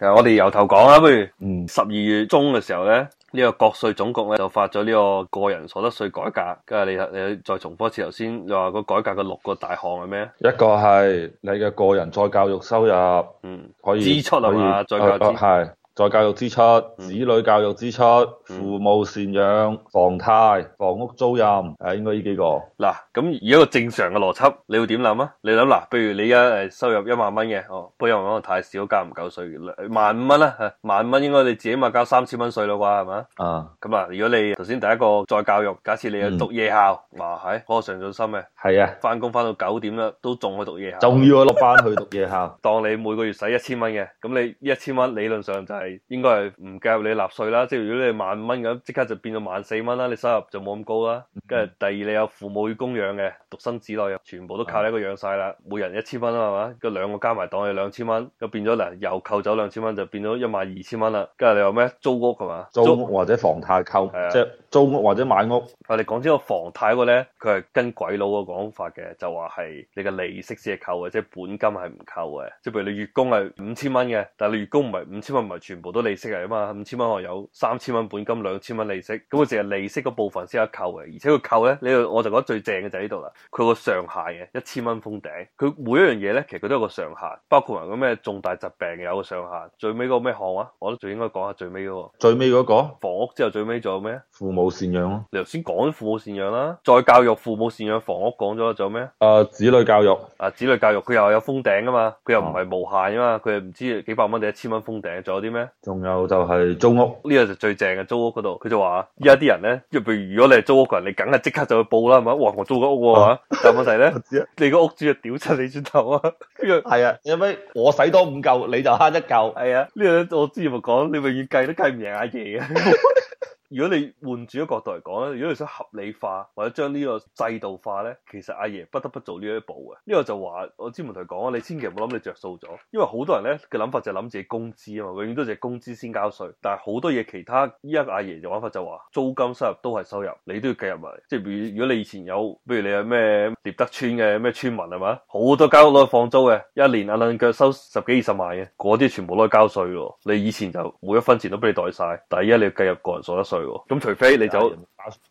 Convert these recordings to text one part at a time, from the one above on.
誒，我哋由頭講啊，不如，嗯，十二月中嘅時候咧，呢個國稅總局咧就發咗呢個個人所得稅改革，跟住你你再重複一次頭先，你話個改革嘅六個大項係咩？一個係你嘅個人再教育收入，嗯，可以支出係嘛，以以再教育係。啊啊再教育支出、子女教育支出、嗯、父母贍養、房貸、房屋租賃，誒，應該呢幾個。嗱，咁以一個正常嘅邏輯，你會點諗啊？你諗嗱，譬如你而家誒收入一萬蚊嘅，哦，不過一萬蚊太少，交唔夠稅。萬五蚊啦，吓，萬五蚊應該你自己咪交三千蚊稅咯啩，係咪？啊、嗯，咁啊，如果你頭先第一個再教育，假設你讀夜校，嗯、哇，係、哎，我、那個、上進心嘅。係啊，翻工翻到九點啦，都仲去讀夜校，仲要啊，落班去讀夜校。 當你每個月使一千蚊嘅，咁你一千蚊理論上就是。係應該係唔計入你納稅啦，即係如果你萬五蚊咁，即刻就變咗萬四蚊啦。你收入就冇咁高啦。跟住，嗯，第二，你有父母供養嘅，獨生子女全部都靠你一個養晒啦。嗯、每人一千蚊啦，係嘛，嗯？個兩吧個加埋當你兩千蚊，咁變咗嗱，又扣走兩千蚊，就變咗一萬二千蚊啦。跟住你話咩？租屋係嘛？租屋租或者房貸扣，啊、即係租屋或者買屋。我哋講呢個房貸嗰咧，佢係跟鬼佬個講法嘅，就話係你嘅利息先係扣嘅，即係本金係唔扣嘅。即係譬如你月供係五千蚊嘅，但係你月供唔係五千蚊，唔係。全部都利息嚟啊嘛，五千蚊我有三千蚊本金，兩千蚊利息，咁佢淨係利息嗰部分先有扣嘅，而且佢扣咧呢，我就覺得最正嘅就喺呢度啦。佢個上限嘅一千蚊封頂，佢每一樣嘢咧其實佢都有個上限，包括埋個咩重大疾病有個上限，最尾嗰個咩項啊？我覺得最應該講下最尾嗰個。最尾嗰、嗰個房屋之後最尾仲有咩？父母贍養咯。你頭先講父母贍養啦，再教育父母贍養房屋講咗，仲有咩？誒、呃，子女教育。啊、呃，子女教育佢又有封頂㗎嘛，佢又唔係無限啊嘛，佢又唔知幾百蚊定一千蚊封頂，仲有啲咩？仲有就係租屋呢個就最正嘅租屋嗰度，佢就話依家啲人咧，即譬如如果你係租屋人，你梗係即刻就去報啦，係咪？哇！我租咗屋啊，但問題咧？ 道你個屋主啊屌柒你轉頭啊，係啊，後屘我使多五舊，你就慳一舊，係啊，呢、這個我之前咪講，你永遠計都計唔贏阿爺嘅。 如果你換住一個角度嚟講咧，如果你想合理化或者將呢個制度化咧，其實阿爺不得不做呢一步嘅。呢、這個就話我專門同佢講啦，你千祈唔好諗你着數咗，因為好多人咧嘅諗法就係諗自己工資啊嘛，永遠都係工資先交稅。但係好多嘢其他依家阿爺嘅玩法就話，租金收入都係收入，你都要計入埋。即係如如果你以前有，譬如你係咩獵德村嘅咩村民係嘛，好多間屋攞嚟放租嘅，一年阿楞腳收十幾二十萬嘅，嗰啲全部都係交稅喎。你以前就每一分錢都俾你袋晒，但係依家你要計入個人所得稅。咁除非你走，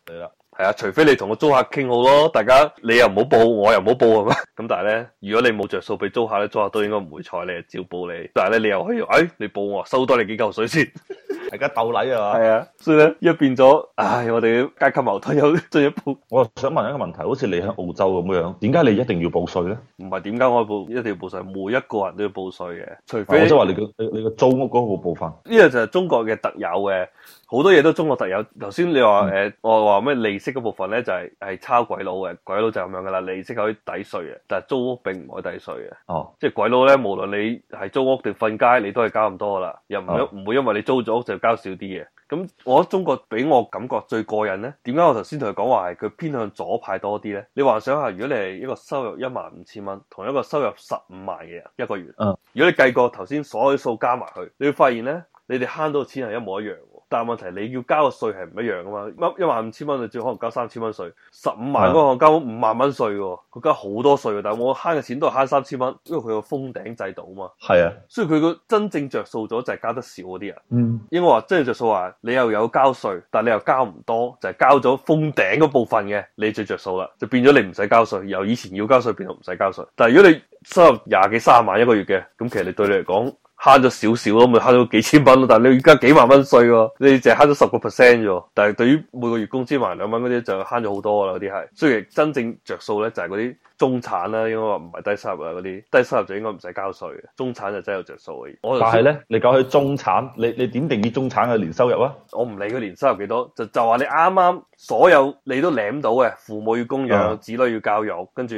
係啦，係啊，除非你同個租客傾好咯，大家你又唔好報，我又唔好報咁樣。咁 但係咧，如果你冇着數俾租客咧，租客都應該唔會睬你，照報你。但係咧，你又可以，哎，你報我收多你幾嚿水先， 大家鬥禮啊嘛。係啊的，的所以咧一變咗，唉，我哋階級矛盾有進一步。我又想問一個問題，好似你喺澳洲咁樣，點解你一定要報稅咧？唔係點解我報一定要報稅？每一個人都要報稅嘅，除非我即係話你個你你個租屋嗰個部分，呢個就係中國嘅特有嘅。好多嘢都中國特有。頭先你話誒、嗯欸，我話咩利息嗰部分咧，就係、係、係抄鬼佬嘅，鬼佬就係咁樣噶啦。利息可以抵稅嘅，但係租屋並唔可以抵稅嘅。哦，即係鬼佬咧，無論你係租屋定瞓街，你都係交咁多噶啦，又唔會唔會因為你租咗屋就要交少啲嘢。咁我覺得中國俾我感覺最過癮咧，點解我頭先同佢講話係佢偏向左派多啲咧？你幻想下，如果你係一個收入一萬五千蚊，同一個收入十五萬嘅人，一個月，嗯，如果你計過頭先所有數加埋去，你會發現咧，你哋慳到嘅錢係一模一樣。但係問題，你要交嘅稅係唔一樣噶嘛？一一萬五千蚊，你只可能交三千蚊稅；十五萬嗰行交五萬蚊稅嘅，佢交好多稅。但係我慳嘅錢都係慳三千蚊，因為佢個封頂制度啊嘛。係啊，所以佢個真正着數咗就係交得少嗰啲人。嗯，因為我話真正着數話，你又有交稅，但係你又交唔多，就係交咗封頂嗰部分嘅，你最着數啦，就變咗你唔使交稅，由以前要交稅變到唔使交稅。但係如果你收入廿幾、卅萬一個月嘅，咁其實你對你嚟講。慳咗少少咯，咪慳咗幾千蚊咯，但係你而家幾萬蚊稅喎，你淨係慳咗十個 percent 喎，但係對於每個月工資萬兩蚊嗰啲就慳咗好多啦，嗰啲係，所以真正著數咧就係嗰啲。中產啦、啊，應該話唔係低收入啊，嗰啲低收入就應該唔使交稅嘅。中產就真係有着數嘅嘢。但係咧，你講起中產，你你點定義中產嘅年收入啊？我唔理佢年收入幾多，就就話你啱啱所有你都攬到嘅，父母要供養，啊、子女要教育，跟住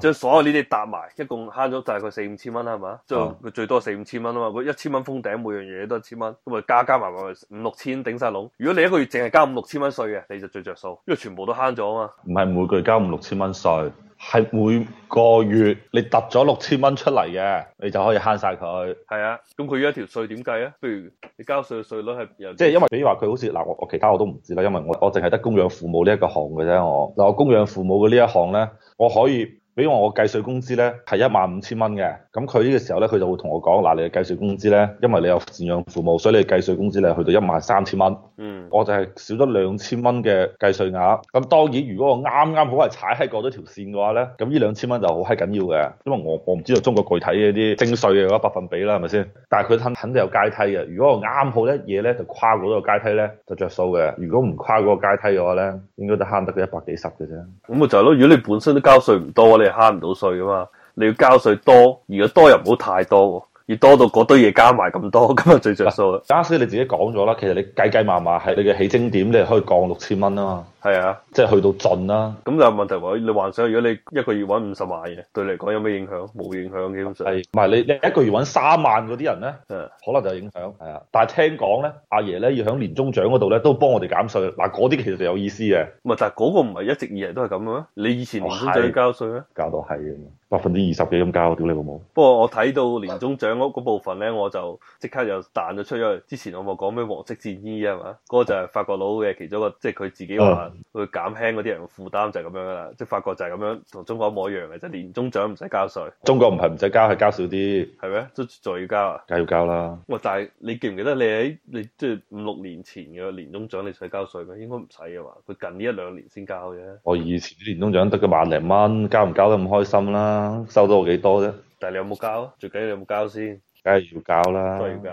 將所有呢啲搭埋，一共慳咗大概四五千蚊啦，係嘛？將佢最多四五千蚊啊嘛，佢一千蚊封頂，每樣嘢都一千蚊，咁咪加加埋埋五六千頂晒籠。如果你一個月淨係交五六千蚊稅嘅，你就最着數，因為全部都慳咗啊嘛。唔係每個月交五六千蚊稅。係每個月你揼咗六千蚊出嚟嘅，你就可以慳晒佢。係啊，咁佢一條稅點計啊？譬如你交稅嘅稅率係，即係因為比如話佢好似嗱，我我其他我都唔知啦，因為我我淨係得供養父母呢一個項嘅啫。我嗱我供養父母嘅呢一行咧，我可以比如話我計稅工資咧係一萬五千蚊嘅，咁佢呢個時候咧佢就會同我講嗱，你嘅計稅工資咧，因為你有贍養父母，所以你嘅計稅工資你去到一萬三千蚊。嗯。我就係少咗兩千蚊嘅計稅額，咁當然如果我啱啱好係踩喺過咗條線嘅話咧，咁呢兩千蚊就好係緊要嘅，因為我我唔知道中國具體嘅啲徵稅嘅百分比啦，係咪先？但係佢肯肯定有階梯嘅，如果我啱好一嘢咧就跨過嗰個階梯咧，就着數嘅；如果唔跨過個階梯嘅話咧，應該都慳得佢一百幾十嘅啫。咁咪就係咯，如果你本身都交稅唔多，你係慳唔到稅噶嘛。你要交稅多，如果多又唔好太多要多到嗰堆嘢加埋咁多，咁啊最着數啦。加息你自己講咗啦，其實你計計埋埋係你嘅起徵點，你可以降六千蚊啊嘛。係啊，即係去到盡啦、啊。咁就係問題話，你幻想如果你一個月揾五十萬嘅，對你嚟講有咩影響？冇影響，嘅，基本上係。唔係你你一個月揾三萬嗰啲人咧，誒、啊，可能就有影響係啊。但係聽講咧，啊、阿爺咧要喺年終獎嗰度咧都幫我哋減稅。嗱，嗰啲其實就有意思嘅。唔係，但係嗰個唔係一直以嚟都係咁嘅咩？你以前年終獎交稅咩？交到係嘅，百分之二十幾咁交，屌你老母！不過我睇到年終獎嗰部分咧，我就即刻就彈咗出咗去。之前我冇講咩黃色戰衣係嘛？嗰、那個就係法國佬嘅其中一個，即係佢自己話、嗯。會減輕嗰啲人嘅負擔就係咁樣啦，即係法國就係咁樣，同中國一模一樣嘅，即年終獎唔使交稅。中國唔係唔使交，係交少啲，係咩？都仲要交啊，梗要交啦。我但係你記唔記得你喺你即係五六年前嘅年終獎你使交稅嘅？應該唔使嘅話，佢近呢一兩年先交嘅。我以前啲年終獎得個萬零蚊，交唔交得咁開心啦、啊？收得我幾多啫？但係你有冇交？最緊要你有冇交先，梗係要交啦，都要，要交，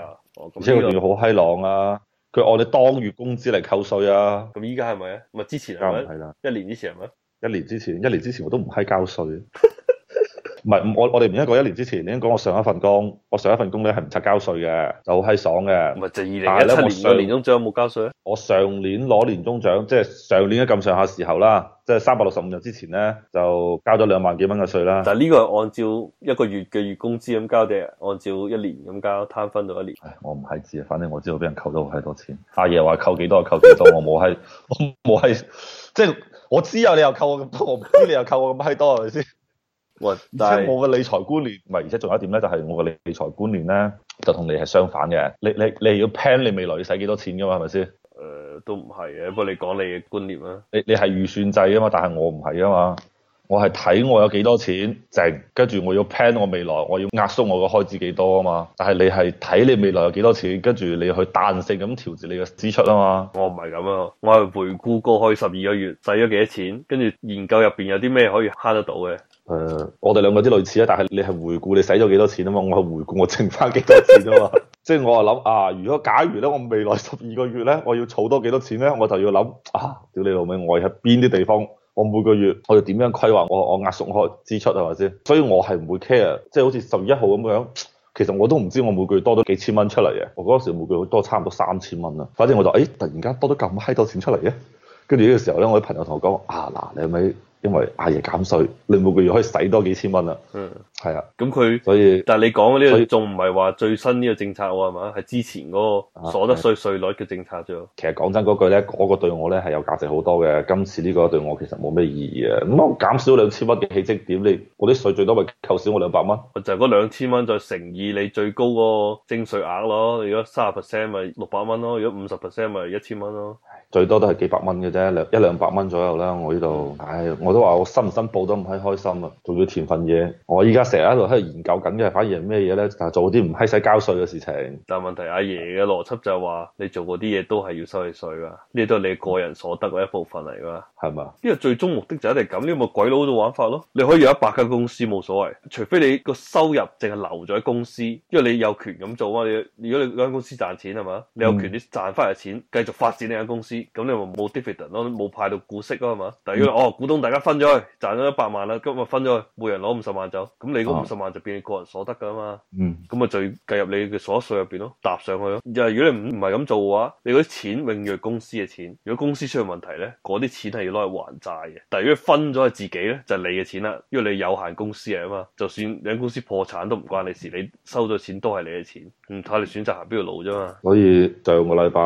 而且我仲要好閪朗啊！佢按你當月工資嚟扣稅啊，咁而家係咪啊？咪之前係咪？一年之前係咪？一年之前，一年之前我都唔係交稅。 唔係，我我哋唔應該講一年之前。你應該講我上一份工，我上一份工咧係唔拆交稅嘅，就好閪爽嘅。唔係就二零一七年嘅年終獎有冇交稅。我上年攞年終獎，即係上年一咁上下時候啦，即係三百六十五日之前咧，就交咗兩萬幾蚊嘅稅啦。但係呢個係按照一個月嘅月工資咁交定，按照一年咁交攤分到一年。我唔係知，反正我知道俾人扣咗好多錢。阿爺話扣幾多扣幾多， 多，我冇係，我冇係，即係我知啊，你又扣我咁多，唔知你又扣我咁閪多係咪先？而且我嘅理財觀念唔係，而且仲有一點咧，就係我嘅理財觀念咧，就同你係相反嘅。你你你要 plan 你未來要使幾多錢噶嘛？係咪先？誒、呃，都唔係嘅，不過你講你嘅觀念啊，你你係預算制啊嘛，但係我唔係啊嘛。我係睇我有幾多錢，剩跟住我要 plan 我未來，我要壓縮我嘅開支幾多啊嘛。但係你係睇你未來有幾多錢，跟住你去彈性咁調節你嘅支出啊嘛。我唔係咁啊，我係回顧過去十二個月使咗幾多錢，跟住研究入邊有啲咩可以慳得到嘅。誒、呃，我哋兩個啲類似啊，但係你係回顧你使咗幾多錢啊嘛，我係回顧我剩翻幾多錢啫嘛，即係 我係諗啊，如果假如咧，我未來十二個月咧，我要儲多幾多錢咧，我就要諗啊，屌你老味，我喺邊啲地方，我每個月我要點樣規劃我我壓縮我支出係咪先？所以我係唔會 care，即係好似十月一號咁樣，其實我都唔知我每個月多咗幾千蚊出嚟嘅，我嗰時每個月多差唔多三千蚊啦，反正我就誒、哎、突然間多咗咁閪多錢出嚟嘅，跟住呢個時候咧，我啲朋友同我講啊嗱，你咪。因為阿爺減稅，你每個月可以使多幾千蚊啦。嗯，係啊，咁佢所以，但係你講嗰啲，仲唔係話最新呢個政策啊？係嘛，係之前嗰個所得稅稅率嘅政策啫。其實講真嗰句咧，嗰個對我咧係有價值好多嘅。今次呢個對我其實冇咩意義啊。咁我減少兩千蚊嘅起徵點，你我啲稅最多咪扣少我兩百蚊？就係嗰兩千蚊再乘以你最高個徵稅額咯。如果三十 percent 咪六百蚊咯，如果五十 percent 咪一千蚊咯。最多都係幾百蚊嘅啫，兩一兩百蚊左右啦。我呢度，唉，我都話我申唔申報都唔係開心啊，仲要填份嘢。我依家成日喺度喺度研究緊嘅，反而係咩嘢咧？就係做啲唔係使交稅嘅事情。但係問題阿爺嘅邏輯就係話，你做嗰啲嘢都係要收你稅噶，呢都係你個人所得嘅一部分嚟㗎，係嘛？因為最終目的就一定咁，呢個咪鬼佬嘅玩法咯。你可以有一百間公司冇所謂，除非你個收入淨係留咗喺公司，因為你有權咁做啊。如果你嗰間公司賺錢係嘛，你有權你賺翻嚟錢繼續發展呢間公司。咁你冇 dividend 咯，冇派到股息咯，係嘛？但係如果哦股東大家分咗去，賺咗一百萬啦，今日分咗去，每人攞五十萬走，咁你嗰五十萬就變你個人所得噶嘛？嗯，咁啊就計入你嘅所得稅入邊咯，搭上去咯。就係如果你唔唔係咁做嘅話，你嗰啲錢永遠係公司嘅錢。如果公司出問題咧，嗰啲錢係要攞去還債嘅。但係如果分咗係自己咧，就係你嘅錢啦，因為你有限公司嚟啊嘛，就算你間公司破產都唔關你事，你收咗錢都係你嘅錢，唔睇，你選擇行邊條路啫嘛。所以上個禮拜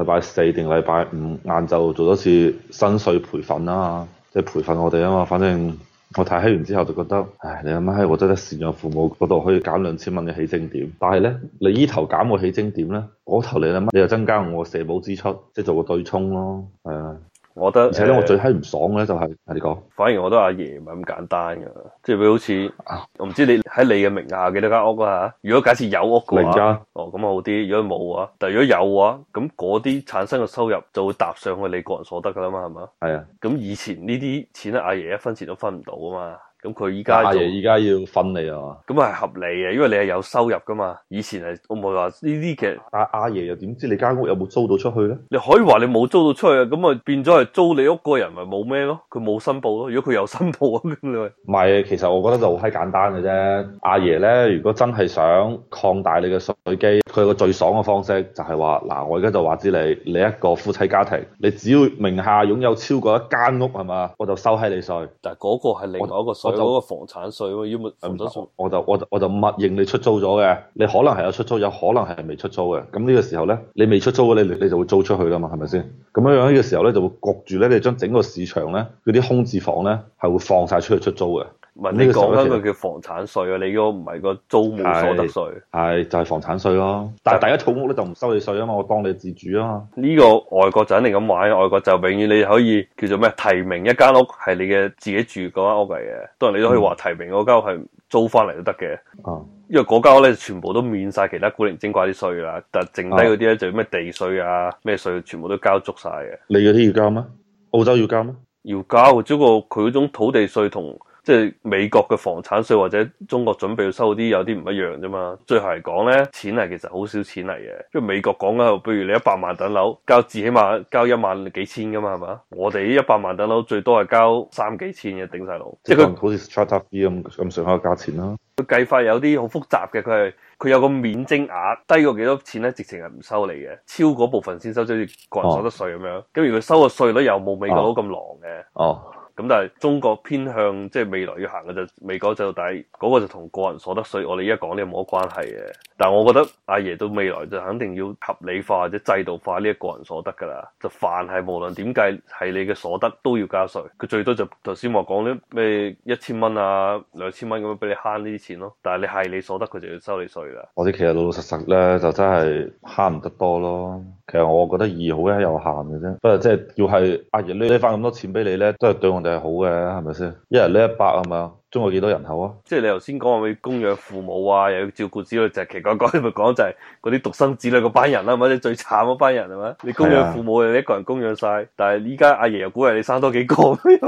禮拜四定禮拜。嗯，晏晝做多次新稅培訓啦，即係培訓我哋啊嘛。反正我睇完之後就覺得，唉，你阿媽喺我真係贍養父母嗰度可以減兩千蚊嘅起徵點，但係咧，你呢頭減個起徵點咧，嗰頭你阿媽你又增加我社保支出，即係做個對沖咯，係啊。我覺得而且咧，呃、我最閪唔爽咧，就係阿你講，反而我覺得阿爺唔係咁簡單噶，即係比如好似，啊、我唔知你喺你嘅名下幾多間屋啊？如果假設有屋嘅話，零、啊、哦咁啊好啲。如果冇啊，話，但如果有嘅、啊、話，咁嗰啲產生嘅收入就會搭上去你個人所得噶啦嘛，係嘛？係啊。咁以前呢啲錢咧、啊，阿爺一分錢都分唔到啊嘛。咁佢依家阿爺依家要分你啊，嘛，咁啊係合理嘅，因為你係有收入噶嘛。以前係我唔係話呢啲嘅，阿阿爺又點知你間屋有冇租到出去咧？你可以話你冇租到出去啊，咁咪變咗係租你屋個人咪冇咩咯？佢冇申報咯。如果佢有申報咁你咪唔係。其實我覺得就好閪簡單嘅啫。阿爺咧，如果真係想擴大你嘅稅基，佢有個最爽嘅方式就係話嗱，我而家就話知你，你一個夫妻家庭，你只要名下擁有超過一間屋係嘛？我就收喺你稅。但係嗰個係另外一個稅。有個房產稅喎，要唔？我就我就我就默認，你出租咗嘅。你可能係有出租，有可能係未出租嘅。咁呢個時候咧，你未出租咧，你你就會租出去啦嘛，係咪先？咁樣樣呢個時候咧，就會焗住咧，你將整個市場咧嗰啲空置房咧係會放晒出去出租嘅。問你講緊佢叫房產稅啊？你嗰個唔係個租務所得稅，係就係、是、房產稅咯。但係第一套屋咧就唔收你稅啊嘛，我當你自住啊嘛。呢個外國就肯定咁玩，外國就永遠你可以叫做咩提名一間屋係你嘅自己住嗰間屋嚟嘅，當然你都可以話提名嗰間屋係租翻嚟都得嘅。啊、嗯，因為嗰間屋咧全部都免晒其他古靈精怪啲稅啦，但剩低嗰啲咧就咩地稅啊咩稅全部都交足晒嘅、嗯。你嘅啲要交咩？澳洲要交咩？要交，只不過佢嗰種土地稅同。即係美國嘅房產稅或者中國準備要收啲有啲唔一樣啫嘛。最後嚟講咧，錢係其實好少錢嚟嘅。即係美國講咧，譬如你一百萬等樓，交至起碼交一萬幾千噶嘛，係嘛？我哋呢一百萬等樓最多係交三幾千嘅頂晒籠。即係佢好似差餉啲咁咁上下嘅價錢啦。佢計法有啲好複雜嘅，佢係佢有個免徵額低過幾多錢咧，直情係唔收你嘅，超過部分先收，即係個人所得稅咁樣。咁，哦，而佢收嘅稅率又冇美國佬咁狼嘅。哦。哦。咁但係中國偏向，即係未來要行嘅就美國制度底。嗰個就同個人所得稅，我哋依家講呢冇乜關係嘅，但係我覺得阿爺到未來就肯定要合理化或者制度化呢一個人所得㗎啦，就凡係無論點計係你嘅所得都要交稅，佢最多就頭先話講呢咩一千蚊啊兩千蚊咁樣俾你慳呢啲錢咯，但係你係你所得佢就要收你稅啦。我哋其實老老實實咧就真係慳唔得多咯。其實我覺得二好咧有限嘅啫，不過即係要係阿爺攞翻咁多錢俾你呢，都係對我哋好嘅，係咪先？一人攞一百，係咪？中國幾多人口啊？即係你頭先講話要供養父母啊，又要照顧子女，就是、奇怪怪你咪講就係嗰啲獨生子女嗰班人啦，係咪？即係最慘嗰班人係咪？你供養父母，的你一個人供養晒，但係依家阿爺又鼓勵你生多幾個，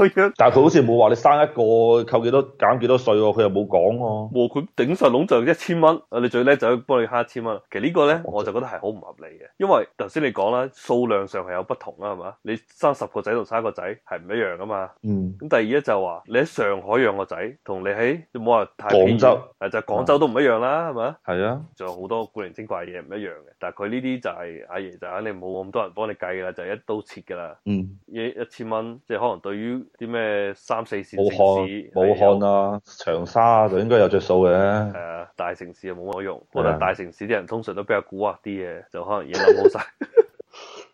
但係佢好似冇話你生一個扣幾多減幾多稅喎，啊，佢又冇講喎。冇，哦，佢頂上籠就一千蚊，你最叻就去幫你慳一千蚊。其實呢個咧，我就覺得係好唔合理嘅，因為頭先你講啦，數量上係有不同啊，係嘛？你生十個仔同生一個仔係唔一樣噶嘛？嗯。咁第二咧就話你喺上海養個仔。同你喺冇話太廣州，誒就係廣州都唔一樣啦，係咪？係啊，仲吧有好多古靈精怪嘢唔一樣嘅。但係佢呢啲就係阿爺就肯定冇咁多人幫你計噶啦，就是、一刀切噶啦。嗯，一一千蚊，即、就、係、是、可能對於啲咩三四線城市、武漢啊、有長沙啊，就應該有着數嘅。係啊，大城市又冇乜用，的可能大城市啲人通常都比較古惑啲嘅，就可能嘢諗好晒。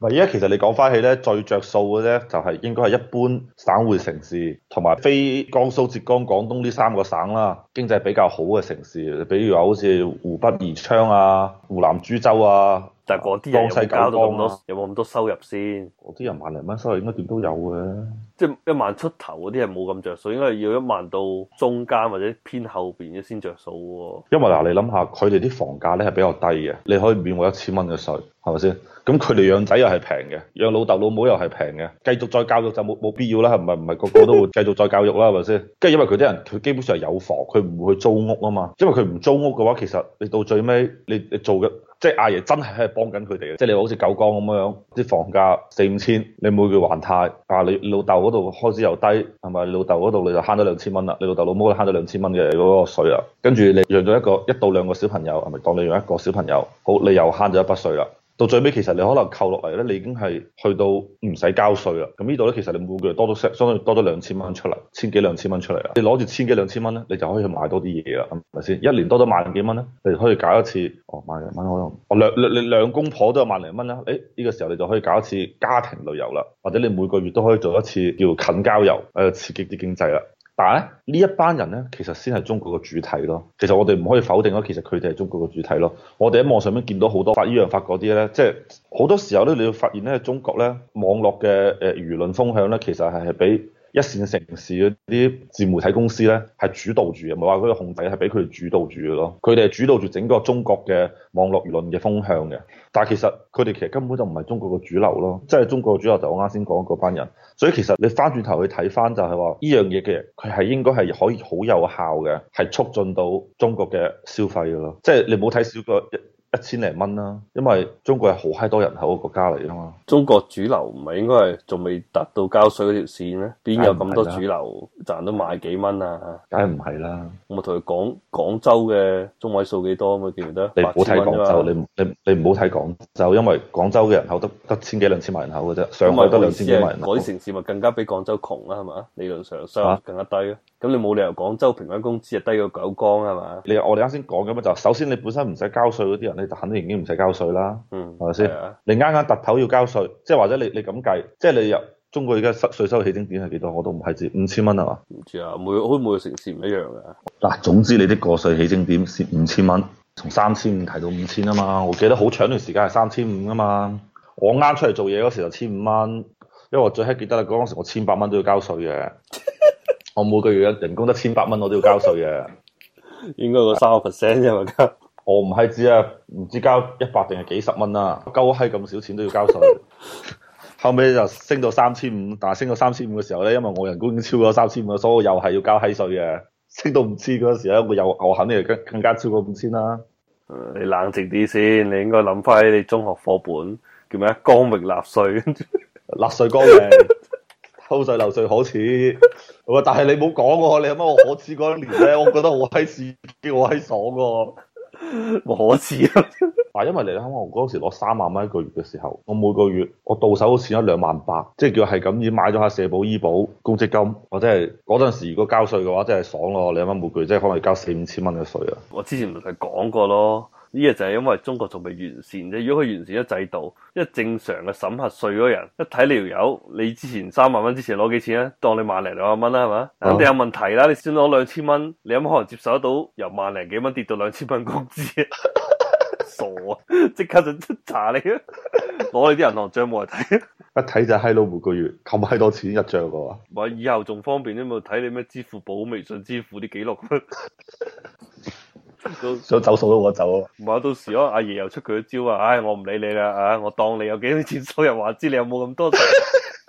唯一其實你講翻起咧，最着數嘅咧就係應該係一般省會城市同埋非江蘇、浙江、廣東呢三個省啦，經濟比較好嘅城市，比如話好似湖北宜昌啊、湖南株洲啊。但係啲人有冇交到咁多、啊、有冇咁多收入先？嗰啲人萬零蚊收入應該點都有嘅。即係一萬出頭嗰啲係冇咁着數，應該要一萬到中間或者偏後邊嘅先着數。因為嗱，你諗下佢哋啲房價咧係比較低嘅，你可以免我一千蚊嘅稅，係咪先？咁佢哋養仔又係平嘅，養老豆老母又係平嘅，繼續再教育就冇冇必要啦，係咪？唔係個個都會繼續再教育啦，係咪先？跟住因為佢啲人佢基本上係有房，佢唔會去租屋啊嘛。因為佢唔租屋嘅話，其實你到最尾你你，你做嘅。即係阿爺真係喺度幫緊佢哋嘅，即係你好似九江咁樣，啲房價四五千，你每個月還貸，阿你老豆嗰度開支又低，係咪？老豆嗰度你就慳咗兩千蚊啦，你老豆老，老母就慳咗兩千蚊嘅嗰個稅啦，跟住你養咗一個一到兩個小朋友，係咪？當你養一個小朋友，好，你又慳咗一筆稅啦。到最尾其實你可能扣落嚟咧，你已經係去到唔使交稅啦。咁呢度咧，其實你每個月多咗相當於多咗兩千蚊出嚟，千幾兩千蚊出嚟啦。你攞住千幾兩千蚊咧，你就可以去買多啲嘢啦，咁咪先？一年多咗萬幾蚊咧，你可以搞一次哦，萬零蚊可能哦兩兩你兩公婆都有萬零蚊啦。誒、哎、呢、呢個時候你就可以搞一次家庭旅遊啦，或者你每個月都可以做一次叫近郊遊，誒、呃、刺激啲經濟啦。但係呢一班人咧，其實先係中國嘅主體咯。其實我哋唔可以否定咯，其實佢哋係中國嘅主體咯。我哋喺網上面見到好多法醫發呢樣發嗰啲咧，即係好多時候咧，你要發現咧，中國咧，網絡嘅誒輿論風向咧，其實係係比。一線城市嗰啲自媒體公司咧，係主導住嘅，唔係話佢哋控制，係俾佢哋主導住嘅咯。佢哋係主導住整個中國嘅網絡輿論嘅風向嘅。但係其實佢哋其實根本就唔係中國嘅主流咯，即係中國嘅主流就我啱先講嗰班人。所以其實你翻轉頭去睇翻就係話，呢樣嘢嘅佢係應該係可以好有效嘅，係促進到中國嘅消費嘅咯。即係你冇睇少過一千零蚊啦，因為中國係好嗨多人口嘅國家嚟啊嘛。中國主流唔係應該係仲未達到交稅嗰條線咩？邊有咁多主流賺得買幾蚊啊？梗係唔係啦。我咪同佢講廣州嘅中位數幾多啊？咪見得八千蚊啫嘛。你唔好睇廣州，你你你唔好睇廣州，因為廣州嘅人口得得千幾兩千萬人口嘅啫，上海得兩千幾萬人口。嗰城市咪更加比廣州窮啦，係嘛？理論、啊、上收入更加低啊。咁你冇理由廣州平均工資啊低過九江係嘛？你我哋啱先講嘅乜就是、首先你本身唔使交稅嗰啲人你肯定已經唔使交稅啦，係咪先？啊、你啱啱突頭要交稅，即係或者你你咁計，即係你入中國而家實稅收起徵點係幾多？我都唔係知五千蚊啊嘛？唔知啊，每每個城市唔一樣嘅。嗱、啊，總之你啲個稅起徵點是五千蚊，從三千五提到五千啊嘛。我記得好長一段時間係三千五啊嘛。我啱出嚟做嘢嗰時就千五蚊，因為我最閪記得啦，嗰陣時我千百蚊都要交稅嘅。 我每個月人工得千百蚊，我都要交稅嘅。 應該個三個 percent 啫嘛。我唔閪知，知啊，唔知交一百定係幾十蚊啦，交閪咁少錢都要交稅。後尾就升到三千五，但係升到三千五嘅時候咧，因為我人工已經超過三千五，所以我又係要交閪稅嘅。升到唔知嗰時咧，我又我肯定更更加超過五千啦。你冷靜啲先，你應該諗翻你中學課本叫咩？光榮納稅，納 稅光明，偷稅漏稅可恥。喂，但係你冇講喎，你有乜我可恥一年咧？我覺得好閪事，我閪爽噶。唔 可恥思啊！嗱， 因為嚟香港嗰時攞三萬蚊一個月嘅時候，我每個月我到手嘅錢有兩萬八，即係叫係咁樣買咗下社保、醫保、公積金，我真係嗰陣時如果交稅嘅話，真係爽咯！你諗下每個月即係可能交四五千蚊嘅稅啊！我之前咪講過咯。呢個就係因為中國仲未完善啫。如果佢完善咗制度，一正常嘅審核稅嗰人一睇你條友，你之前三萬蚊之前攞幾錢咧？當你萬零兩萬蚊啦，係嘛？肯定有問題啦。你先攞兩千蚊，你有冇可能接受得到由萬零幾蚊跌到兩千蚊工資？ 傻！即刻就查你啊！攞你啲銀行賬目嚟睇啊！ 一睇就嗨佬每個月冚埋多錢入帳嘅喎。唔 以後仲方便啲，咪睇你咩支付寶、微信支付啲記錄。 想走數都我走，唔係到時阿爺 又出佢招啊！唉，我唔理你啦，唉，我當你有幾多，多錢數，又話知你有冇咁多。